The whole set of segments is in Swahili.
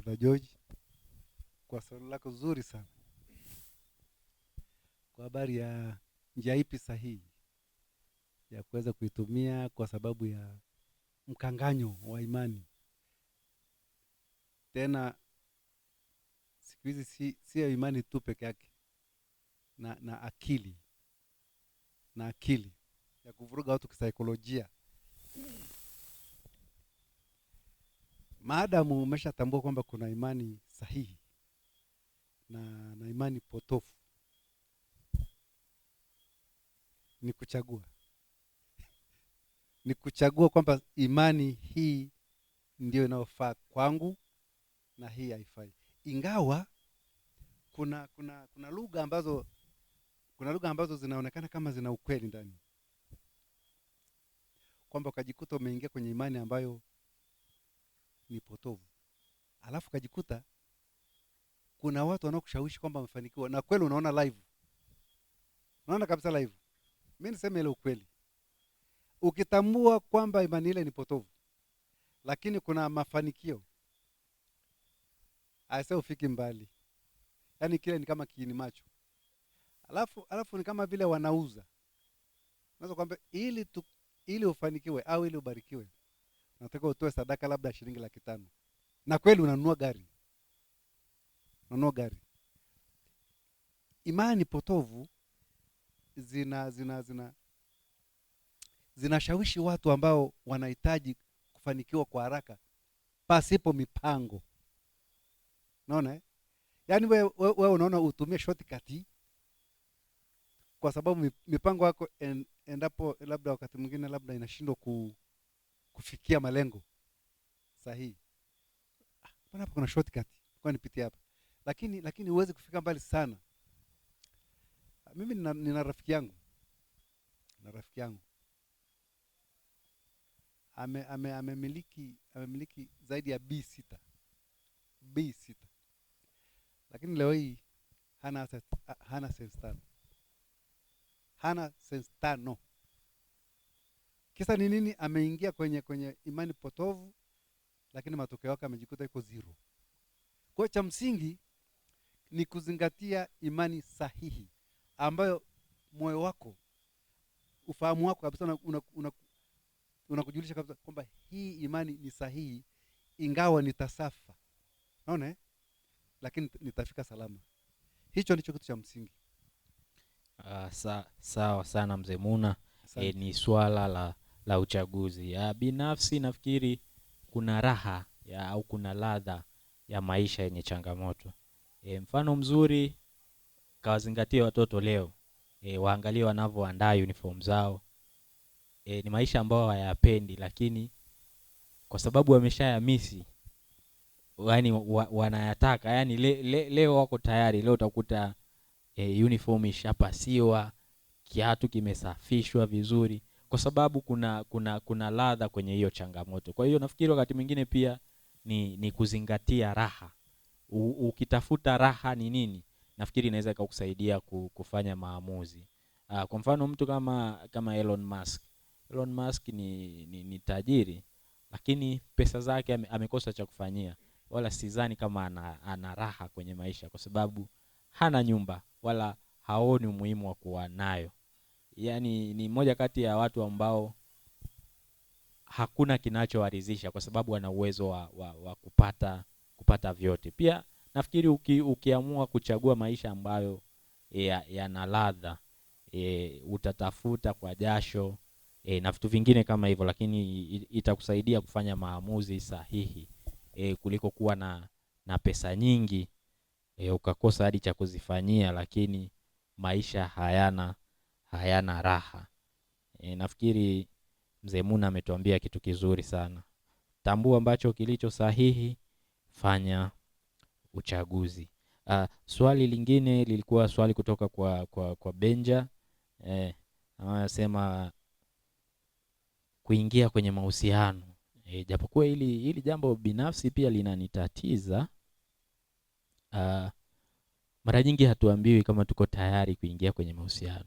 Brother George kwa swali lako zuri sana kwa habari ya njia ipi sahihi ya kuweza kuitumia kwa sababu ya mkanganyo wa imani. Tena siku hizi si siyo imani tu peke yake na, na akili na akili ya kuvuruga watu kisaikolojia maadamu umeshatambua kwamba kuna imani sahihi na, na imani potofu, ni kuchagua ni kuchagua kwamba imani hii ndio inayofaa kwangu na hii haifai. Ingawa kuna kuna kuna lugha ambazo kuna lugha ambazo zinaonekana kama zina ukweli ndani, kwamba ukajikuta umeingia kwenye imani ambayo ni potovu, alafu kajikuta kuna watu wanaokushawishi kwamba wamefanikiwa na kweli unaona live, unaona kabisa live. Mimi niseme ile ukweli, ukitambua kwamba imani ile ni potovu, lakini kuna mafanikio aise, ufiki mbali. Yaani kile ni kama kiini macho, alafu alafu ni kama vile wanauza, unaweza kwamba ili tu, ili ufanikiwe au ili ubarikiwe nataka utoe sadaka labda shilingi laki tano na kweli unanunua gari, unanunua gari. Imani potovu zina zina zina zinashawishi watu ambao wanahitaji kufanikiwa kwa haraka pasipo mipango. Unaona eh? Yaani wewe we, we unaona utumie shortcut kwa sababu mipango yako en, endapo labda wakati mwingine labda inashindwa ku kufikia malengo sahihi. Mbona hapa kuna shortcut, kwa nipitie hapa, lakini lakini huwezi kufika mbali sana. Mimi nina, nina rafiki yangu na rafiki yangu ame ame amemiliki amemiliki zaidi ya B 6 B 6 lakini leo hii hana hana sense tano hana sense tano Kisa ni nini? Ameingia kwenye kwenye imani potovu, lakini matokeo yake amejikuta iko zero. Kwa cha msingi ni kuzingatia imani sahihi ambayo moyo wako ufahamu wako kabisa unakujulisha una, una, una kwamba hii imani ni sahihi, ingawa nitasafa, naona eh? lakini nitafika salama. Hicho ndicho kitu cha msingi. Uh, sa, sawa sana mzee Muna. E, ni swala la la uchaguzi. Ya, binafsi nafikiri kuna raha ya, au kuna ladha ya maisha yenye changamoto. E, mfano mzuri kawazingatia watoto leo e, waangalie wanavyoandaa uniform zao. E, ni maisha ambayo hayapendi lakini kwa sababu wameshayamisi yani wa, wanayataka yani le, le, leo wako tayari. Leo utakuta e, uniform ishapasiwa, kiatu kimesafishwa vizuri, kwa sababu kuna kuna kuna ladha kwenye hiyo changamoto. Kwa hiyo nafikiri wakati mwingine pia ni, ni kuzingatia raha. U, ukitafuta raha ni nini, nafikiri inaweza ikakusaidia kufanya maamuzi. Aa, ah, kwa mfano mtu kama kama Elon Musk. Elon Musk ni, ni, ni tajiri lakini pesa zake ame, amekosa cha kufanyia, wala sidhani kama ana, ana raha kwenye maisha, kwa sababu hana nyumba wala haoni umuhimu wa kuwa nayo yani ni mmoja kati ya watu ambao hakuna kinachowaridhisha kwa sababu wana uwezo wa, wa, wa kupata kupata vyote. Pia nafikiri uki, ukiamua kuchagua maisha ambayo e, yana ya ladha e, utatafuta kwa jasho e, na vitu vingine kama hivyo, lakini itakusaidia kufanya maamuzi sahihi e, kuliko kuwa na, na pesa nyingi e, ukakosa hadi cha kuzifanyia, lakini maisha hayana hayana raha. E, nafikiri Mzee Muna ametuambia kitu kizuri sana. Tambua ambacho kilicho sahihi, fanya uchaguzi. Uh, swali lingine lilikuwa swali kutoka kwa, kwa, kwa Benja eh, anasema kuingia kwenye mahusiano eh, japokuwa hili hili jambo binafsi pia linanitatiza. Uh, mara nyingi hatuambiwi kama tuko tayari kuingia kwenye mahusiano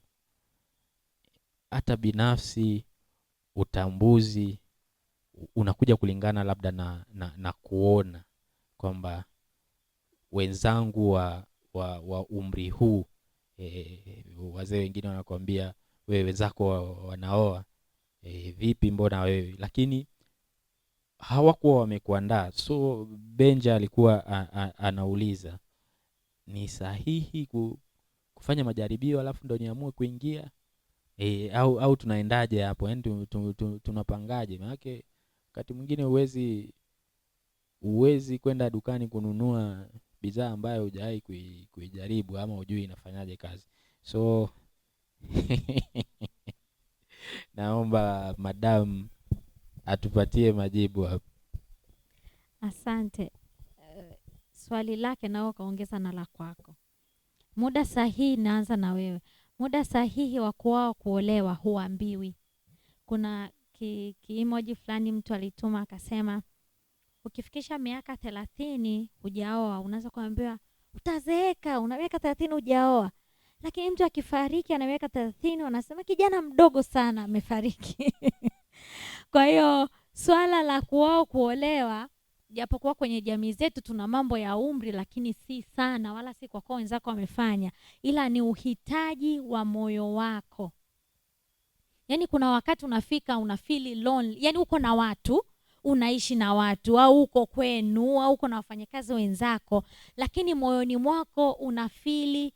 hata binafsi utambuzi unakuja kulingana labda na, na, na kuona kwamba wenzangu wa, wa, wa umri huu e, wazee wengine wanakuambia wewe wenzako wanaoa e, vipi, mbona wewe? Lakini hawakuwa wamekuandaa. So Benja alikuwa a, a, anauliza ni sahihi kufanya majaribio alafu ndo niamue kuingia e, au, au tunaendaje hapo yani tunapangaje? Maanake wakati mwingine huwezi huwezi kwenda dukani kununua bidhaa ambayo hujawahi kuijaribu kui ama hujui inafanyaje kazi so naomba madam atupatie majibu hapo. Asante. Uh, swali lake nao ukaongeza na la kwako. Muda sahihi naanza na wewe. Muda sahihi wa kuoa kuolewa huambiwi. Kuna ki, kiimoji fulani mtu alituma akasema, ukifikisha miaka thelathini hujaoa unaweza kuambiwa utazeeka, una miaka thelathini hujaoa. Lakini mtu akifariki ana miaka thelathini wanasema kijana mdogo sana amefariki. Kwa hiyo swala la kuoa kuolewa japokuwa kwenye jamii zetu tuna mambo ya umri, lakini si sana, wala si kwa kwa wenzako wamefanya, ila ni uhitaji wa moyo wako. Yaani kuna wakati unafika unafili lonely, yaani uko na watu unaishi na watu au uko kwenu au uko na wafanyakazi wenzako, lakini moyoni mwako unafili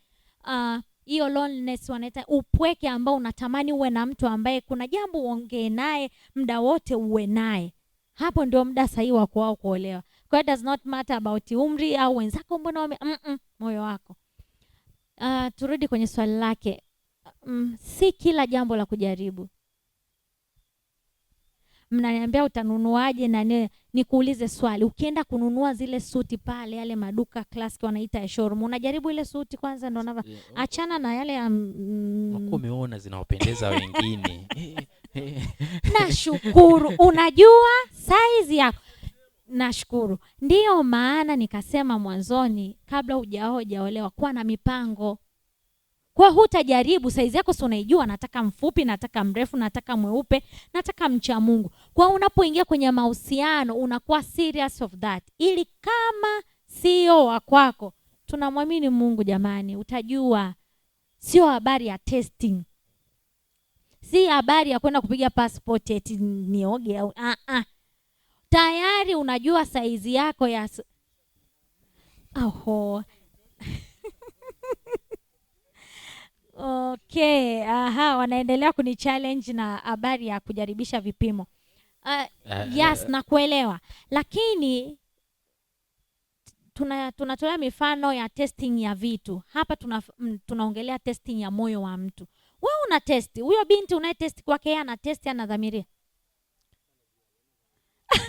uh, hiyo uh, loneliness wanaita upweke, ambao unatamani uwe na mtu ambaye kuna jambo uongee naye muda wote, uwe naye hapo ndio muda sahihi wa kwao kuolewa. Kwa hiyo does not matter about umri au wenzako, mbona wame mm -mm, moyo wako. Uh, turudi kwenye swali lake. Mm, si kila jambo la kujaribu. Mnaniambia utanunuaje? Na nikuulize swali, ukienda kununua zile suti pale yale maduka classic wanaita ya showroom, unajaribu ile suti kwanza, ndo unava achana na yale ya mm, wako umeona zinawapendeza wengine eh, nashukuru, unajua saizi yako. Nashukuru, ndiyo maana nikasema mwanzoni, kabla hujaoa jaolewa kuwa na mipango kwa hutajaribu saizi yako, si unaijua, nataka mfupi, nataka mrefu, nataka mweupe, nataka mcha Mungu. Kwa unapoingia kwenye mahusiano unakuwa serious of that, ili kama sio e wa kwako, tunamwamini Mungu jamani, utajua sio habari ya testing si habari ya kwenda kupiga passport eti nioge au ah ah, tayari unajua saizi yako ya aho Okay, aha, wanaendelea kuni challenge na habari ya kujaribisha vipimo. Uh, eh, yes, eh. nakuelewa, lakini tuna tunatolea mifano ya testing ya vitu hapa, tuna, tunaongelea testing ya moyo wa mtu wewe una test huyo binti unaye test kwake, yeye ana test, anadhamiria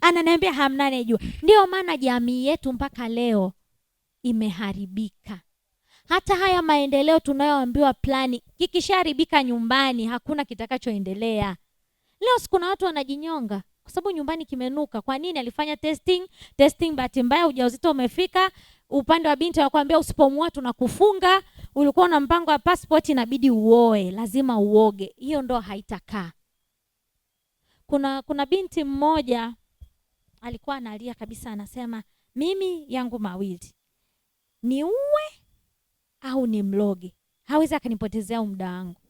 ananiambia hamna anejua. Ndio maana jamii yetu mpaka leo imeharibika. Hata haya maendeleo tunayoambiwa plani, kikishaharibika nyumbani hakuna kitakachoendelea. Leo sikuna watu wanajinyonga kwa sababu nyumbani kimenuka. Kwa nini? Alifanya testing testing, bahati mbaya ujauzito umefika, upande wa binti anakuambia usipomua tunakufunga, ulikuwa na mpango wa passport, inabidi uoe, lazima uoge, hiyo ndo haitakaa. Kuna, kuna binti mmoja alikuwa analia kabisa, anasema mimi yangu mawili, uwe au ni mloge hawezi akanipotezea muda wangu.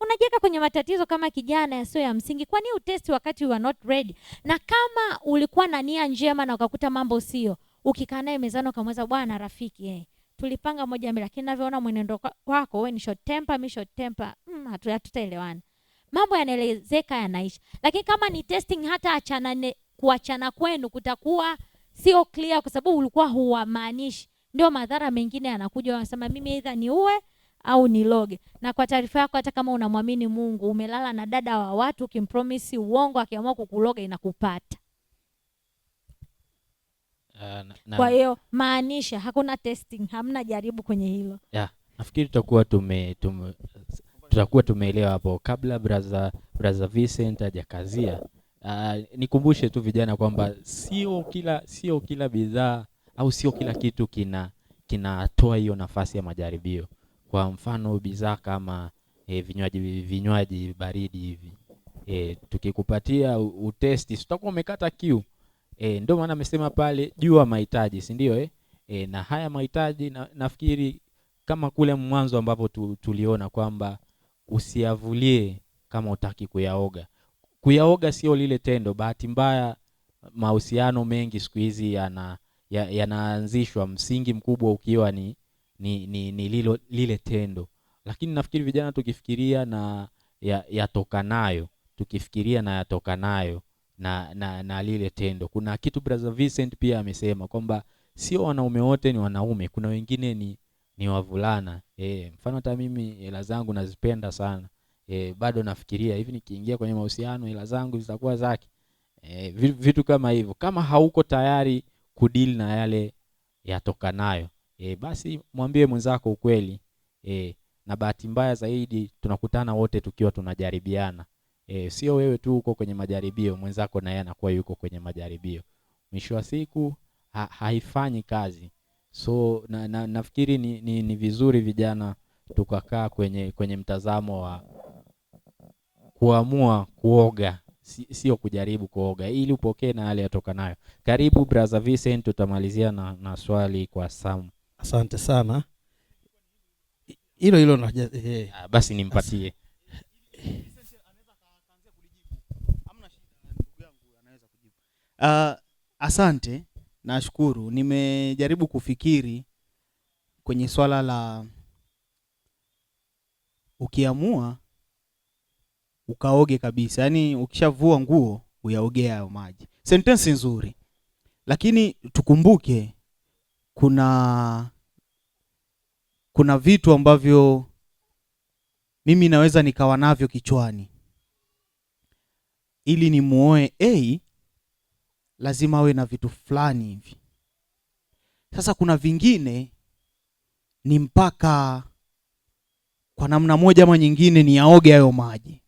Unajiweka kwenye matatizo kama kijana yasiyo ya msingi. Kwani utesti wakati you are not ready? Na kama ulikuwa na nia njema na ukakuta mambo sio, ukikaa naye mezani ukamweza, bwana rafiki eh, tulipanga moja mbili, lakini navyoona mwenendo wako wewe ni short temper, mimi short temper, mm, hatutaelewana. Mambo yanaelezeka yanaisha. Lakini kama ni testing, hata achana kuachana kwenu kutakuwa sio clear, kwa sababu ulikuwa huwamaanishi. Ndio madhara mengine yanakuja, wanasema mimi either ni uwe au ni loge. Na kwa taarifa yako, hata kama unamwamini Mungu, umelala na dada wa watu, ukimpromisi uongo, akiamua kukuloga inakupata. Eh, kwa hiyo maanisha hakuna testing, hamna jaribu kwenye hilo yeah. Nafikiri tutakuwa tume, tume tutakuwa tumeelewa hapo kabla brother, brother Vincent hajakazia. Uh, nikumbushe tu vijana kwamba sio kila sio kila bidhaa au sio kila kitu kina kinatoa hiyo nafasi ya majaribio. Kwa mfano bidhaa kama eh, vinywaji vinywaji baridi hivi eh, tukikupatia utesti sitakuwa umekata kiu E, ndio maana amesema pale jua mahitaji, si ndio? Eh? E, na haya mahitaji na, nafikiri kama kule mwanzo ambapo tu, tuliona kwamba usiyavulie kama utaki kuyaoga. Kuyaoga sio lile tendo. Bahati mbaya mahusiano mengi siku hizi yana yanaanzishwa ya msingi mkubwa ukiwa ni, ni, ni, ni lilo, lile tendo, lakini nafikiri vijana tukifikiria na yatokanayo ya tukifikiria na yatokanayo na, na, na lile tendo. Kuna kitu Brother Vincent pia amesema kwamba sio wanaume wote ni wanaume, kuna wengine ni, ni wavulana e, mfano hata mimi hela zangu nazipenda sana e, bado nafikiria hivi nikiingia kwenye mahusiano hela zangu zitakuwa zake e, vitu kama hivyo. Kama hauko tayari kudili na yale yatokanayo e, basi mwambie mwenzako ukweli e, na bahati mbaya zaidi tunakutana wote tukiwa tunajaribiana E, sio wewe tu uko kwenye majaribio, mwenzako naye anakuwa yuko kwenye majaribio. Mwisho wa siku ha, haifanyi kazi. So na, na, nafikiri ni, ni, ni vizuri vijana tukakaa kwenye, kwenye mtazamo wa kuamua kuoga sio kujaribu kuoga ili upokee na yale yatoka nayo. Karibu Brother Vincent, tutamalizia na, na swali kwa Sam. Asante sana hilo hilo, eh, eh. Ah, basi nimpatie Uh, asante, nashukuru. Nimejaribu kufikiri kwenye swala la ukiamua ukaoge kabisa, yaani ukishavua nguo uyaogea hayo maji. Sentensi nzuri, lakini tukumbuke kuna kuna vitu ambavyo mimi naweza nikawa navyo kichwani ili nimuoe A lazima awe na vitu fulani hivi. Sasa kuna vingine ni mpaka kwa namna moja ama nyingine ni yaoge hayo maji.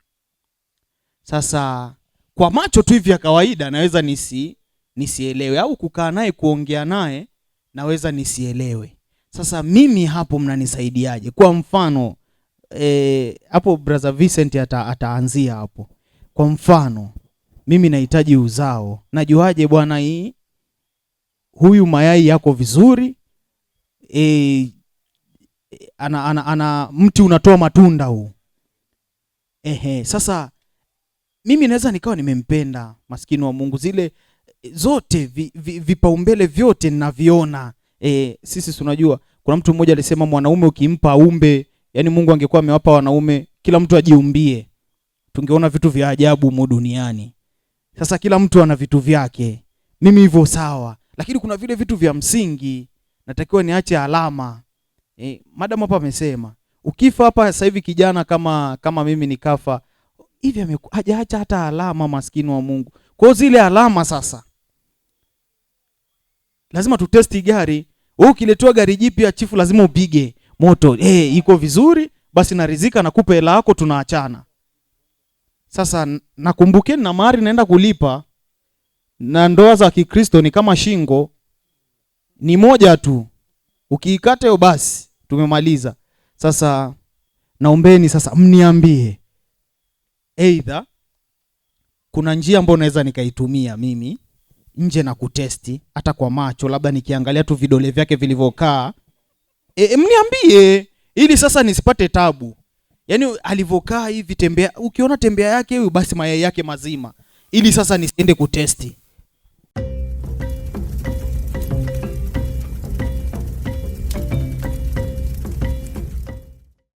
Sasa kwa macho tu hivi ya kawaida naweza nisi nisielewe, au kukaa naye kuongea naye naweza nisielewe. Sasa mimi hapo mnanisaidiaje? Kwa mfano eh, hapo e, brother Vincent ata, ataanzia hapo. Kwa mfano mimi nahitaji uzao, najuaje bwana, hii huyu mayai yako vizuri e, ana, ana, ana mti unatoa matunda huu. Ehe, sasa mimi naweza nikawa nimempenda maskini wa Mungu, zile zote vi, vi, vipaumbele vyote ninaviona. E, sisi tunajua kuna mtu mmoja alisema mwanaume ukimpa umbe yani Mungu angekuwa amewapa wanaume kila mtu ajiumbie, tungeona vitu vya ajabu mu duniani. Sasa kila mtu ana vitu vyake, mimi hivyo sawa, lakini kuna vile vitu vya msingi natakiwa niache alama e. Madam hapa amesema ukifa hapa sasa hivi kijana kama kama mimi nikafa hivi, hajaacha hata alama, maskini wa Mungu. Kwa hiyo zile alama sasa lazima tutesti gari. Wewe ukiletewa gari jipya chifu, lazima upige moto eh, hey, iko vizuri basi, narizika nakupa hela yako, tunaachana. Sasa nakumbukeni na mahari naenda kulipa, na ndoa za Kikristo ni kama shingo, ni moja tu, ukiikata hiyo basi tumemaliza. Sasa naombeni sasa mniambie aidha kuna njia ambayo naweza nikaitumia mimi nje na kutesti hata kwa macho, labda nikiangalia tu vidole vyake vilivyokaa. E, e mniambie ili sasa nisipate tabu. Yaani alivyokaa hivi tembea, ukiona tembea yake huyu basi mayai yake mazima, ili sasa nisiende kutesti.